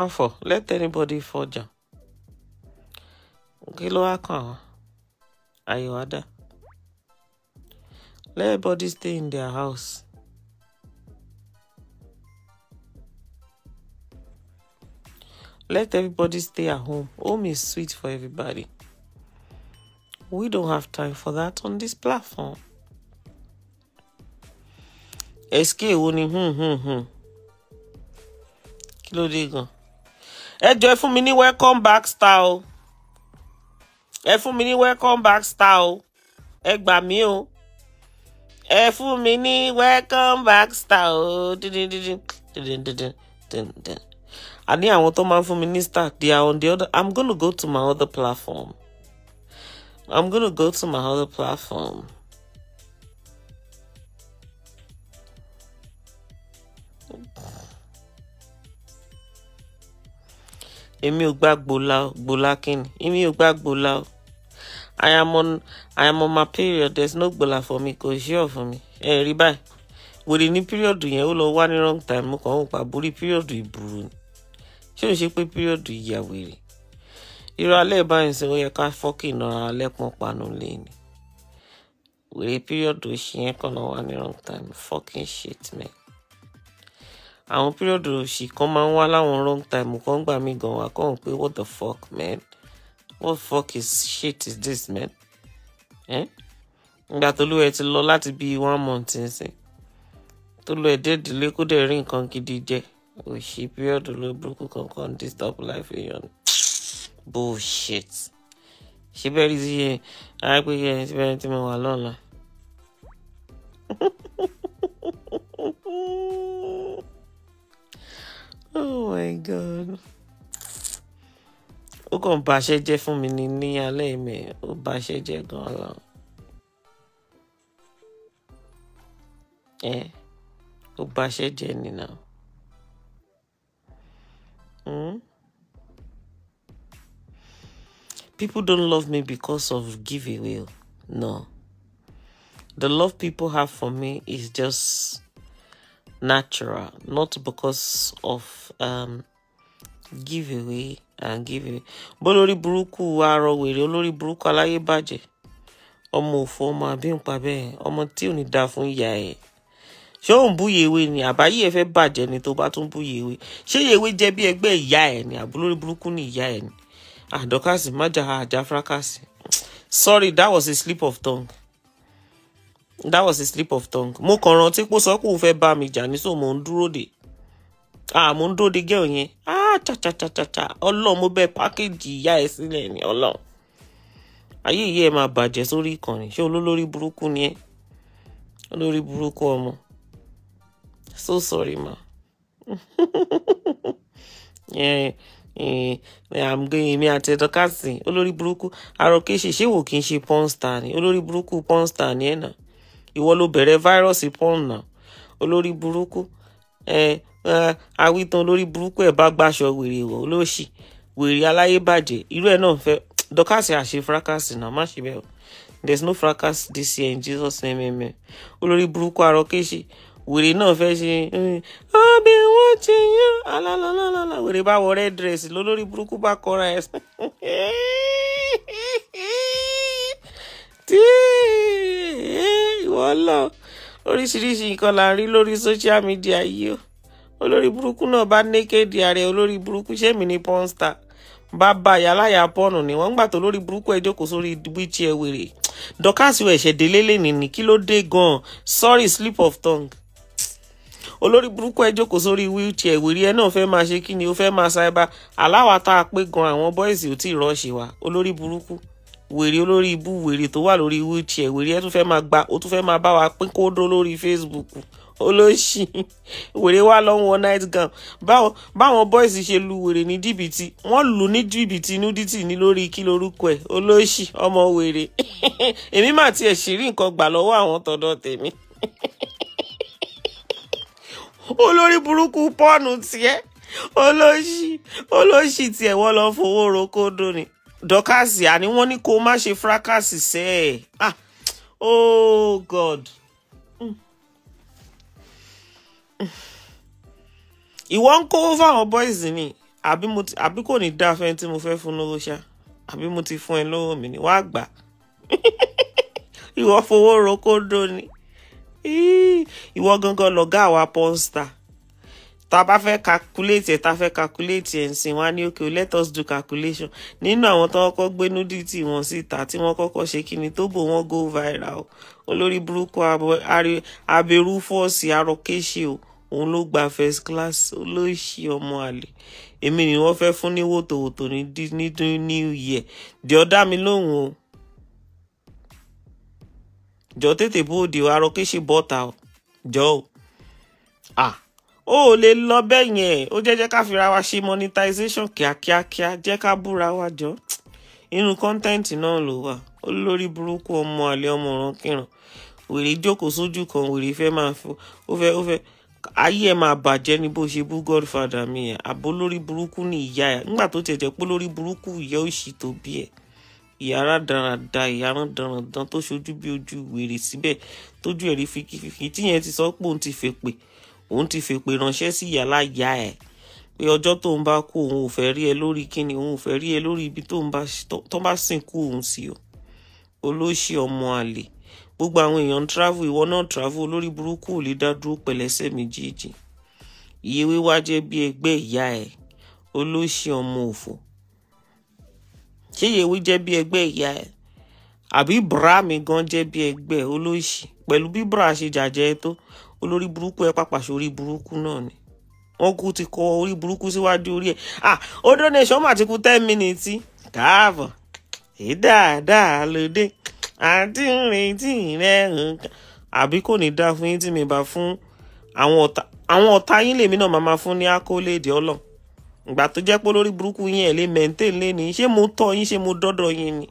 wọn fọ let anybody fọjà kí ló wá kàn wọn àyèwá dá let everybody stay in their house. Let everybody stay at home. Home is sweet for everybody. We don't have time for that on this platform. Escape, only hmm hmm hmm. Kí ló dé gan-an ẹ jọ ẹ fún mi ní welcome back style. o ẹ fún mi ní welcome back style. o ẹ gbà mí o ẹ fún mi ní welcome back style. o àní àwọn tó máa ń fún mi ní star they are on the other i'm gonna go to my other platform i'm gonna go to my other platform. èmi ò gbà gbòla o gbòla kíni èmi ò gbà gbòla o i am on i am on my period there is no gbòla for me kò ṣe ọ̀ fún mi ẹ rí báyìí wèrè ní píríọ̀dù yẹn ó lọ wá ní wrong time mo kàn ń pa borí píríọ̀dù ìbùrù ni ṣé ò ń ṣe pé píríọ̀dù ìyà wèrè irú alẹ́ báyìí sọ yẹ ká fọ́kì nara lẹ́pọ̀n panu lé ni wèrè píríọ̀dù òṣìyẹn kàn lọ wá ní wrong time fucking shit man àwọn pírọ̀dù òṣì kan máa ń wá láwọn wrong time kan gbà mí gan wá kàn pé what the fuck man what the fuck is shit is this man ìgbà tó lóye ti lọ láti bíi one month nsìn tó lóye dé ìdílé kó dẹ̀ rí nǹkan gidi jẹ òṣì pírọ̀dù ló burúkú kankan disturb life èèyàn bullshit ṣé bẹ́ẹ̀ rí sí yẹn ara pé yẹn ti bẹ́ẹ̀ tí mo wà lọ́la. oh my god ó kàn bàṣẹ jẹ́ fún mi ní ní alẹ́ mi ó bàṣẹ jẹ́ gan lọ ẹ ó bàṣẹ jẹ́ Hmm? People don't love me because of giving will. No. The love people have for me is just natural, not because of um, giveaway and uh, giveaway. Bó lórí burúkú arọ wèrè olórí burúkú aláyé bàjẹ́. Ọmọ òfò ọmọ àbí nǹkan bẹ́ẹ̀ ọmọ tí ò ní da fún Ṣé òun búyè ewé ni àbáyé ẹ fẹ́ bàjẹ́ ni tó bá tún búyè ewé? Ṣé ewé jẹ́ bí ẹgbẹ́ ìyá ẹ̀ ni àbó lórí burúkú ni ìyá ẹ̀ ni? Àdọ́kàsì má jà àjà fúrákàsì. Sorry, that was a slip of tongue that was a slip of tongue mo kàn rántí pé sọ pé òun fẹ́ bá mi jà ní so mò ń dúró de ah mò ń dúró de gẹ́ọ̀ yẹn ah cha ọlọ́run mo bẹ pákéjì ìyá ẹ sílẹ̀ ní ọlọ́run ayé ìyá ẹ máa bàjẹ́ sórí ìkànnì ṣé olólórí burúkú ni ẹ olórí burúkú ọmọ so sorry ma èmi àti ẹ̀dọ́ káàsì olórí burúkú àròkè ṣèṣèwò kì í ṣe porn star ni olórí burúkú porn star ni ẹ̀ náà ìwọ ló bẹ̀rẹ̀ fáírọ́ọ̀sì pọ́ùn náà olórí burúkú ẹ awitan olórí burúkú ẹ̀ bá gbaṣọ wèrè wọ̀ olóṣì wèrè aláyébàjẹ́ irú ẹ̀ náà fẹ́ dọ́kàsì àṣẹ fúrákàsì náà má ṣe bẹ́ẹ̀ o there is no fracas this year in Jesus name amen olórí burúkú arọ wèrè náà fẹ́ ṣe ọbẹ̀ wọ́n ti yan alalalala wèrè bá wọ red dress lólórí burúkú bá kọ́ra ẹ̀ wàhálà oríṣiríṣi nǹkan là ń rí lórí social media yìí o olórí burúkú náà bá nékèdè ààrẹ olórí burúkú sẹ́mi ní pọ́ńsítà bàbá yàláyà pọ́ọ̀nù ni wọ́n ń gbà tó lórí burúkú ẹ̀ jókòó sórí wíìchì ẹ̀ wèrè dọ́kásì ẹ̀ṣẹ̀ délé lẹ́nìí ni kí ló dé gan-an sorry slip of tongue olórí burúkú ẹ jókòó sórí wíìlì ẹwìrí ẹ náà fẹ́ máa ṣe kí ni ó fẹ́ máa ṣàìbá aláwa tá a pé gan àwọn bọ́ìsì ò tí ì rọ́ọ̀ṣì wa olórí burúkú wèrè olórí ibú wèrè tó wà lórí wheelchair wèrè ẹ tún fẹ́ máa gba ó tún fẹ́ máa bá wa pín kódó lórí Facebook olóṣì wèrè wà lọ́wọ́ night gown báwọn boys ṣe lu wèrè ní jìbìtì wọ́n lù ní jìbìtì nudity ní lórí kí lorúkọ ẹ̀ olóṣì ọmọ wèrè èmi mà tiẹ̀ ṣírí nǹkan gbà lọ́wọ́ àwọn tọ̀dọ̀ tèmi olórí burúkú pọ́ọ̀nù tiẹ̀ olóṣì olóṣì tiẹ̀ wọ́n lọ fowó rokodo ni dọkasi àní wọ́n ní kó má ṣe fracasi sẹ ẹ ah oh god mm. ìwọ ń kówó fáwọn boys ni àbí kò ní dá fẹ́ni tí mo fẹ́ fún lówó ṣá àbí mo ti fún ẹ lówó mi ni wàá gbà ìwọ fowó roko dó ni ìwọ gangan lọ̀gá àwa pornstar tá a bá fẹ́ calculate ẹ̀ tá a fẹ́ calculate ẹ̀ ǹsìn wá ní òkè let us do calculation nínú àwọn tó kọ́kọ́ gbé nudity wọn síta tí wọ́n kọ́kọ́ ṣe kíni tó bò wọ́n go viral olórí burúkú aberúfọ́ọ̀sì arọ́kẹ́ṣe o òun ló gba first class olóṣì ọmọ àlè èmi ni wọ́n fẹ́ fún ní wòtòwòtò ní new year di ọ̀dá mi lóhùn o jọ tètè bóde arọ́kẹ́ṣe bọ́ta o jọ o ah o lè lọ bẹ́ẹ̀ yẹn ó jẹ́ jẹ́ ká fira wa ṣe monetization kíákíákíá jẹ́ ká búra wa jọ inú kọ́ńtẹ́ǹtì náà ló wà olórí burúkú ọmọ àlè ọmọ ìrankíran wèrè jókòó sójú kan wèrè fẹ́ máa fọ ó fẹ́ ó fẹ́ ayé ẹ̀ máa bàjẹ́ ní bó ṣe bú godfather mi ẹ̀ àbó lórí burúkú ní ìyá ẹ̀ nígbà tó tẹ̀jẹ̀ pé lórí burúkú ìyá ẹ̀ tó ṣojú fikifiki tíyẹn ti sọ òun ti fèpè ránṣẹ́ sí ya ẹ̀ pé ọjọ́ tó ń bá kú òun ò fẹ́ rí ẹ lórí kíni òun ò fẹ́ rí ẹ lórí ibi tó ń bá sìnkú òun sí o olóṣì ọmọ àlè gbogbo àwọn èèyàn travel ìwọ náà travel olórí burúkú ò lè dá dúró pẹ̀lẹ́sẹ̀ méjèèjì iye wíwá jẹ́ bí ẹgbẹ́ ìyá ẹ̀ olóṣì ọmọ òfò ṣé yèwé jẹ́ bí ẹgbẹ́ ìyá ẹ̀ àbí bùrá mi gan jẹ́ bí ẹgbẹ́ olóṣì pẹ̀lú bí bùrá ṣe jàjẹ́ tó olórí burúkú ẹ pàpà sórí burúkú náà ni wọn kú ti kọ orí burúkú síwájú orí ẹ ah ó donation mà ti kú ten minutes káàbọ̀ èyí dáadáa lóde àti ìrètí rẹ nǹkan àbí kò ní dáa fún yín tí mi bá fún àwọn ọ̀tá àwọn ọ̀tá yín lèmi náà máa ma fún ní akólédè ọlọ ìgbà tó jẹ́ pé olórí burúkú yín ẹ̀ lè mẹ́ńtẹ́ lé ní ṣé mo tọ́ yín ṣé mo dọ́dọ̀ yín ni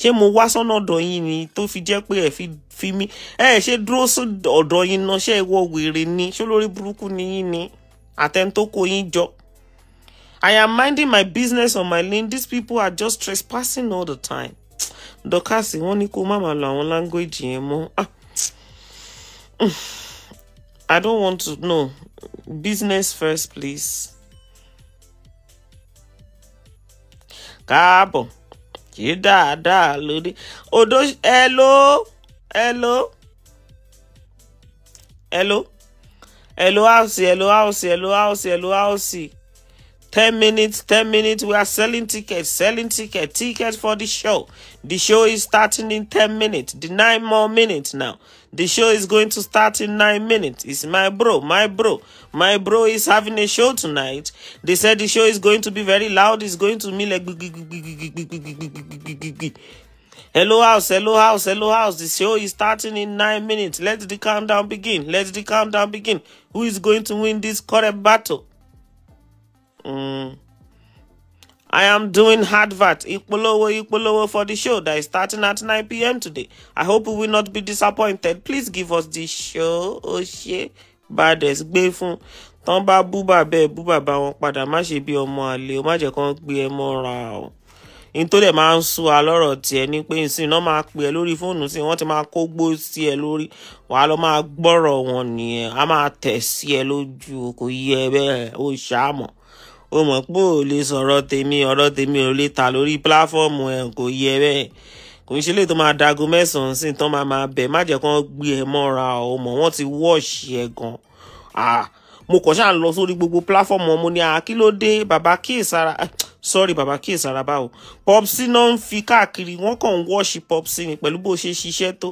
ṣé mo wá sọ́nà ọ̀dọ̀ yín ni tó fi jẹ́ pé ẹ̀ fi mí ẹ ṣe dúró sí ọ̀dọ̀ yín náà ṣé ìwọ wèrè ni ṣó lórí burúkú ni yín ni àtẹn yín jọ. I am minding my business on my lane these people are just trespassing all the time. Dọ́kàsì wọ́n ní kó má máa lo àwọn language yẹn mọ́. Ah. I don't want to know business first please. Káàbọ̀ kì í dáadáa lórí odò hello hello hello hello house hello house hello house hello house ten minutes ten minutes we are selling tickets selling tickets tickets for the show the show is starting in ten minutes the nine more minutes now The show is going to start in nine minutes. It's my bro, my bro, my bro is having a show tonight. They said the show is going to be very loud. It's going to be like. Hello house, hello house, hello house. The show is starting in nine minutes. Let the countdown begin. Let the countdown begin. Who is going to win this current battle? Mm. I am doing advert Ipolowo Ipolowo for the show that is starting at 9 p.m. today. I hope you will not be disappointed. Please give us the show. Oṣé Bades gbé fún. Tán bá bú bàbá ẹ̀ bú bàbá wọn padà má ṣe bí ọmọ àlè o má jẹ́ kán gbé ẹ mọ́ra o. Ní tó dẹ̀ máa ń sún wa lọ́rọ̀ tiẹ̀ ni pé ìsìn náà máa pè ẹ́ lórí fóònù sí wọ́n ti máa kó gbó sí ẹ lórí wàá lọ máa gbọ́rọ̀ wọn nìyẹn á máa tẹ̀ sí ẹ lójú kò yẹ bẹ́ẹ̀ ó ṣàmọ̀ o mọ̀ pé ò lè sọ̀rọ̀ tèmi ọ̀rọ̀ tèmi ò lè ta lórí pílàfọ́ọ̀mù ẹ̀ kò yẹ bẹ́ẹ̀ kò ń ṣe lè tó máa dago mẹ́sàn-án sí tán máa máa bẹ̀ má jẹ́ kán gbé ẹ mọ́ra o mọ̀ wọ́n ti wọ́ọ̀ṣì ẹ̀ gan mo kàn ṣáà lọ sórí gbogbo pílàfọ́ọ̀mù ọmọ ní àkílódé bàbá kíyèsára eh, sọ́rí bàbá kíyèsára báwo popsi náà ń fi káàkiri wọ́n kàn ń wọ́ọ̀ṣì popsi ni pẹ̀lú bó ṣe ṣiṣẹ́ tó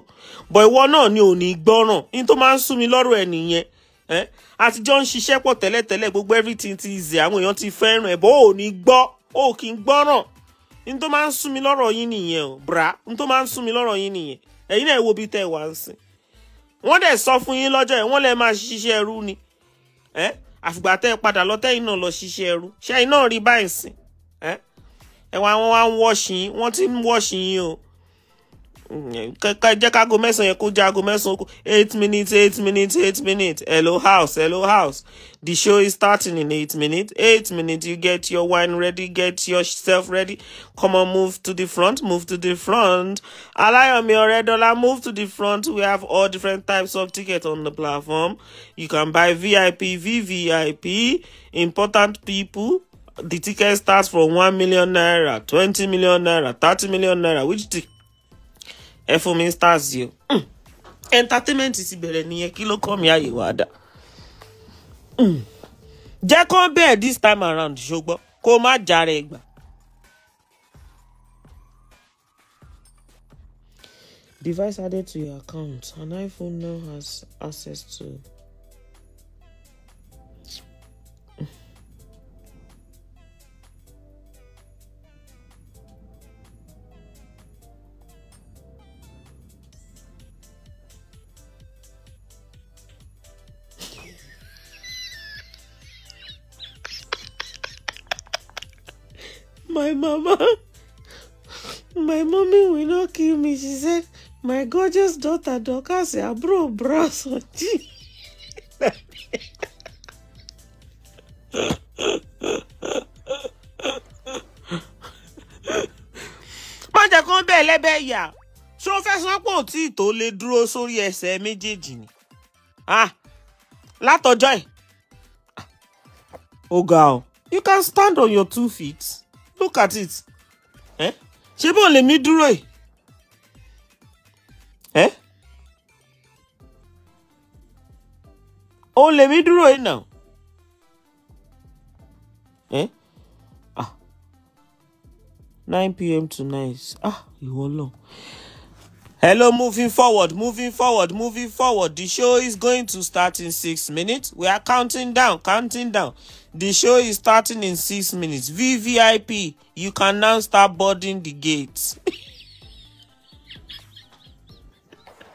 bọ̀ ìwọ náà ni ò ní gbọ́ràn ní tó máa ń sú mi lọ́rọ̀ ẹ̀ nìyẹn àtijọ́ eh? ń ṣiṣẹ́ pọ̀ tẹ́lẹ̀tẹ́lẹ̀ gbogbo everything ti ìzẹ̀ àwọn èèyàn ti fẹ́ràn ẹ̀ bó ò ní gbọ́ ó kì í gbọ́ràn n tó máa ń sún mi lọ́rọ̀ yín nìyẹn o bra n tó máa ń sún mi lọ́rọ̀ yín nìyẹn ẹ̀yin náà wo bí tẹ́ ẹ wá ń sìn wọ́n dẹ̀ sọ fún yín lọ́jọ́ ẹ̀ wọ́n lẹ́ máa ṣiṣẹ́ ẹrú ni eh? àfìgbà tẹ́ ẹ padà lọ tẹ́yìn náà lọ ṣiṣẹ́ ẹrú ṣẹ́yìn náà rí báyìí sìn eh? ẹ̀wọ̀n àwọn wa ń wọ́ọ̀ṣì yín wọ́n ti ń wọ́ọ̀ṣì yín o eight minutes eight minutes eight minutes hello house hello house the show is starting in eight minutes eight minutes you get your wine ready get yourself ready come on move to the front move to the front alayomi ọ̀rẹ́dọ́lá move to the front we have all different types of tickets on the platform you can buy vip vvip important people the ticket starts from 1 million naira 20 million naira 30 million naira which ẹ fún mi stars yìí o hmm. entertainment ti bẹ̀rẹ̀ nìyẹn kí ló kọ́ mi àyè wá hmm. jẹ́ kó bẹ́ẹ̀ this time around ṣùgbọ́n kó má jàre gbà. Device added to your account. An iPhone now has access to my mama my mommy will not kill me she said my gorgeous daughter dorcas àbúrò bros ọjí. má jẹ́ kó ń bẹ̀ lẹ́bẹ̀ẹ́ yà ṣó fẹ́ sọ pé òtí ìtò lè dúró sórí ẹsẹ̀ méjèèjì ni ah, látọjọ́ ẹ̀ ah, ó ga ọ you can stand on your two feet look at it eh? ṣé bó lè mí dúró yìí eh? ó lè mí dúró yìí náà eh? ah. nine pm tonight ah ìwọ lọ. Hello, moving forward, moving forward, moving forward. The show is going to start in six minutes. We are counting down, counting down. The show is starting in six minutes. VVIP, you can now start boarding the gates.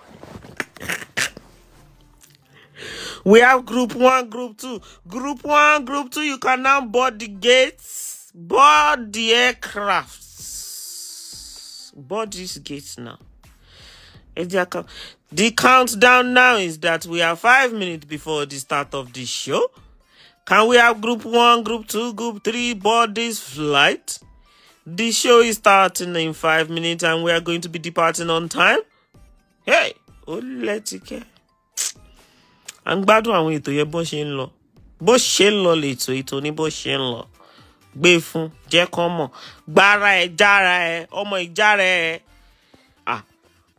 we have group one, group two. Group one, group two, you can now board the gates, board the aircrafts, board these gates now. The countdown now is that we are five minutes before the start of the show. Can we have group one, group two, group three board this flight? The show is starting in five minutes and we are going to be departing on time. Hey, ó lẹ́tìkẹ́. À ń gbádùn àwọn ètò yẹn bó ṣe ń lọ. Bó ṣe ń lọ lètò ètò ní bó ṣe ń lọ. Gbé fún, jẹ́ kán mọ̀. Gbára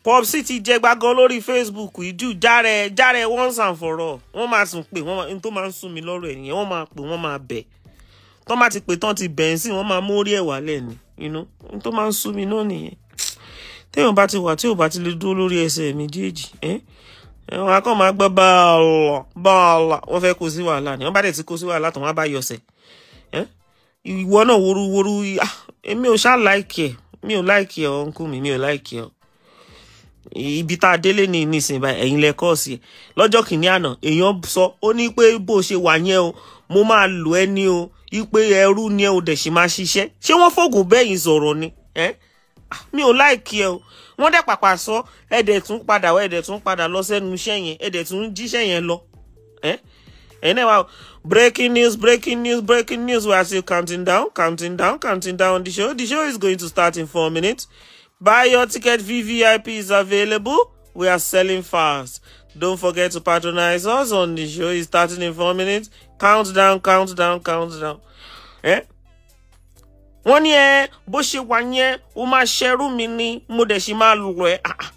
Pop City, jẹ gbàgán lórí facebook ìdú járe járe once and for all wọ́n máa sùn pé wọ́n ní tó máa ń sún mi lọ́rọ̀ ẹ̀yìn wọ́n máa pè wọ́n máa bẹ̀ tọ́ máa ti pè tán ti bẹ̀ ẹ́ sí wọ́n máa mórí ẹ̀ wálẹ̀ ni ní tó máa ń sún mi náà nìyẹn téèyàn bá ti wà tí ò bá ti lè dúró lórí ẹsẹ̀ méjèèjì wọn akọ́ máa gbọ́ báàlọ̀ báàlọ̀ wọ́n fẹ́ kó sí wàhálà ni wọ́n bá dẹ̀ ti kó sí wàhálà tó wọ́n bá yọ̀sẹ̀ ìwọ náà woruworu ah, èmi ò ṣáà láìkì ẹ̀ mi ò láìkì ẹ̀ ọ̀nkú mi mi ò láìkì ẹ̀ ọ́ ibi tá a délé ní nísìnyí báyìí ẹ̀yin lẹ kọ́ sí lọ́jọ́ kìíní àná èèyàn sọ ó ní pé bó ṣe wà yẹn o mo máa lò ẹ́ ní o ipe ẹrú ni ẹ ò dẹ̀ ṣe máa ṣiṣẹ́ ṣé wọ́n fògùn bẹ́yìn sọ̀rọ̀ ni mi ò láìkí ẹ o wọ́n dẹ̀ pàpà sọ ẹ dẹ̀ tún padà ẹ dẹ̀ tún padà lọ sẹ́nu iṣẹ́ yẹn ẹ dẹ̀ tún jíṣẹ́ yẹn lọ ẹ̀yin náà wà breaking news breaking news breaking news we are still counting down counting down counting down the show the show is going to start in four minutes. Buy your ticket, VVIP is available. We are selling fast. Don't forget to patronize us on the show. It's starting in four minutes. Countdown, countdown, countdown. Eh? wọ́n ní ẹ bó ṣe wà yẹn ó máa ṣẹrú mi ni mo dẹ̀ ṣe máa lù ẹ́ ah, ah.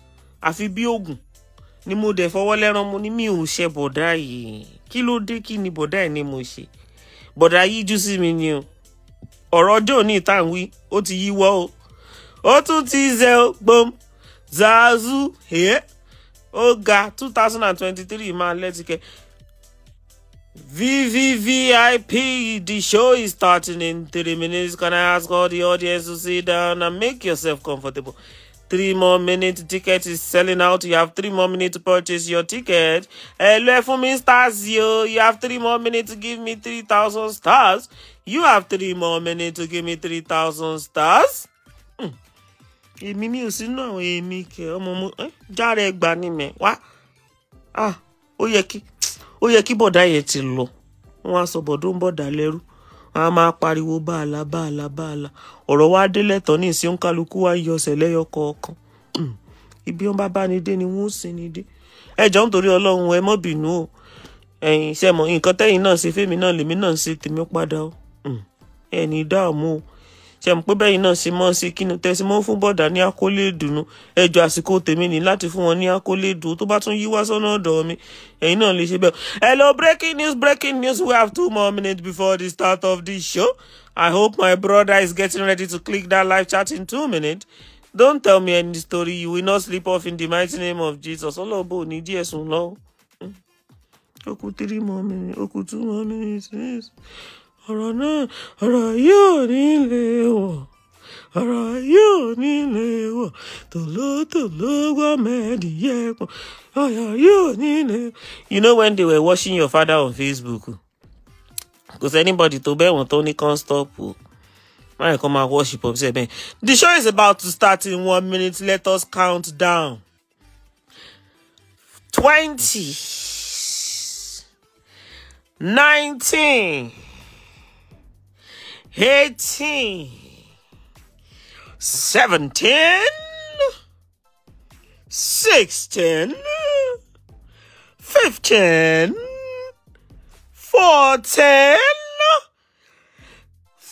àfi bí oògùn ni mo dẹ̀ fọwọ́ lẹ́ran mo ní mi ò ṣe bọ̀dá yìí kí ló dé kí ni bọ̀dá yìí ni mo ṣe bọ̀dá yìí jú sí mi ni ọ̀rọ̀ ọjọ́ òní ìtàn wí ó ti yíwọ́ o ó tún ti zazu here. zazu 2023 man let's get máa lẹ́tìkẹ́ VVVIP the show is starting in three minutes can I ask all the audience to sit down and make yourself comfortable three more minutes ticket is selling out you have three more minutes to purchase your ticket hello for me stars yo you have three more minutes to give me three thousand stars you have three more minutes to give me three thousand stars. Mm. èmi mi ò sí náà èmi kẹ ọmọ mo járe ẹgbà ni mẹ wá ah ó yẹ kí ó yẹ kí bọ̀dá yẹn ti lọ wọn á sọ bọ̀dó ń bọ̀dá lẹ́rú wọn á máa pariwo báàlà báàlà báàlà ọ̀rọ̀ wa délẹ̀ tán ní ìsìn kálukú wa yọ ọ̀sẹ̀ lẹ́yọ kọ̀ọ̀kan hmm. ibi wọn bá bá ní dé ni wọn ó sì ní dé ẹjọ́ nítorí ọlọ́run ẹ mọ́ bínú o ẹ̀yin ṣe mọ̀ nǹkan tẹ́yìn náà ṣe fẹ́mi náà lèmi náà ṣe tèmi padà o hmm. ẹ̀ ní dààmú o ṣe mọ̀ pé bẹ́yìn náà ṣe mọ́ sí kíni tẹ̀símọ́ fún bọ̀dà ní akólé ìdùnnú ẹjọ́ àsìkò tèmi ní láti fún wọn ní akólé ìdùnnú tó bá tún yí wá sọ́nà ọ̀dọ̀ mi ẹ̀yin náà lè ṣe bẹ́ẹ̀. hello breaking news breaking news we have two more minutes before the start of this show i hope my brother is getting ready to click that live chat in two minutes don't tell me any story you will not sleep off in the mighty name of jesus ọlọ́ọ̀bù ò ní díẹ̀ sùn lọ́wọ́ hmm. ó three more minutes Oku two more minutes ọ̀rọ̀ náà ọ̀rọ̀ yóò nílé wọ̀ ọ̀rọ̀ yóò nílé wọ̀ tòlótòló gọ́mẹ̀dì yẹ ọ̀rọ̀ yóò nílé. you know when they were watching your father on Facebook kò anybody tó bẹ́ẹ̀ wọ́n tó ní kàn stop o máa kàn máa worship ọ̀bí sẹ́bẹ̀. the show is about to start in one minute let us count down twenty nineteen. 18, 17, 16, 15, 14.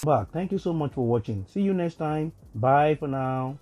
Back. Thank you so much for watching. See you next time. Bye for now.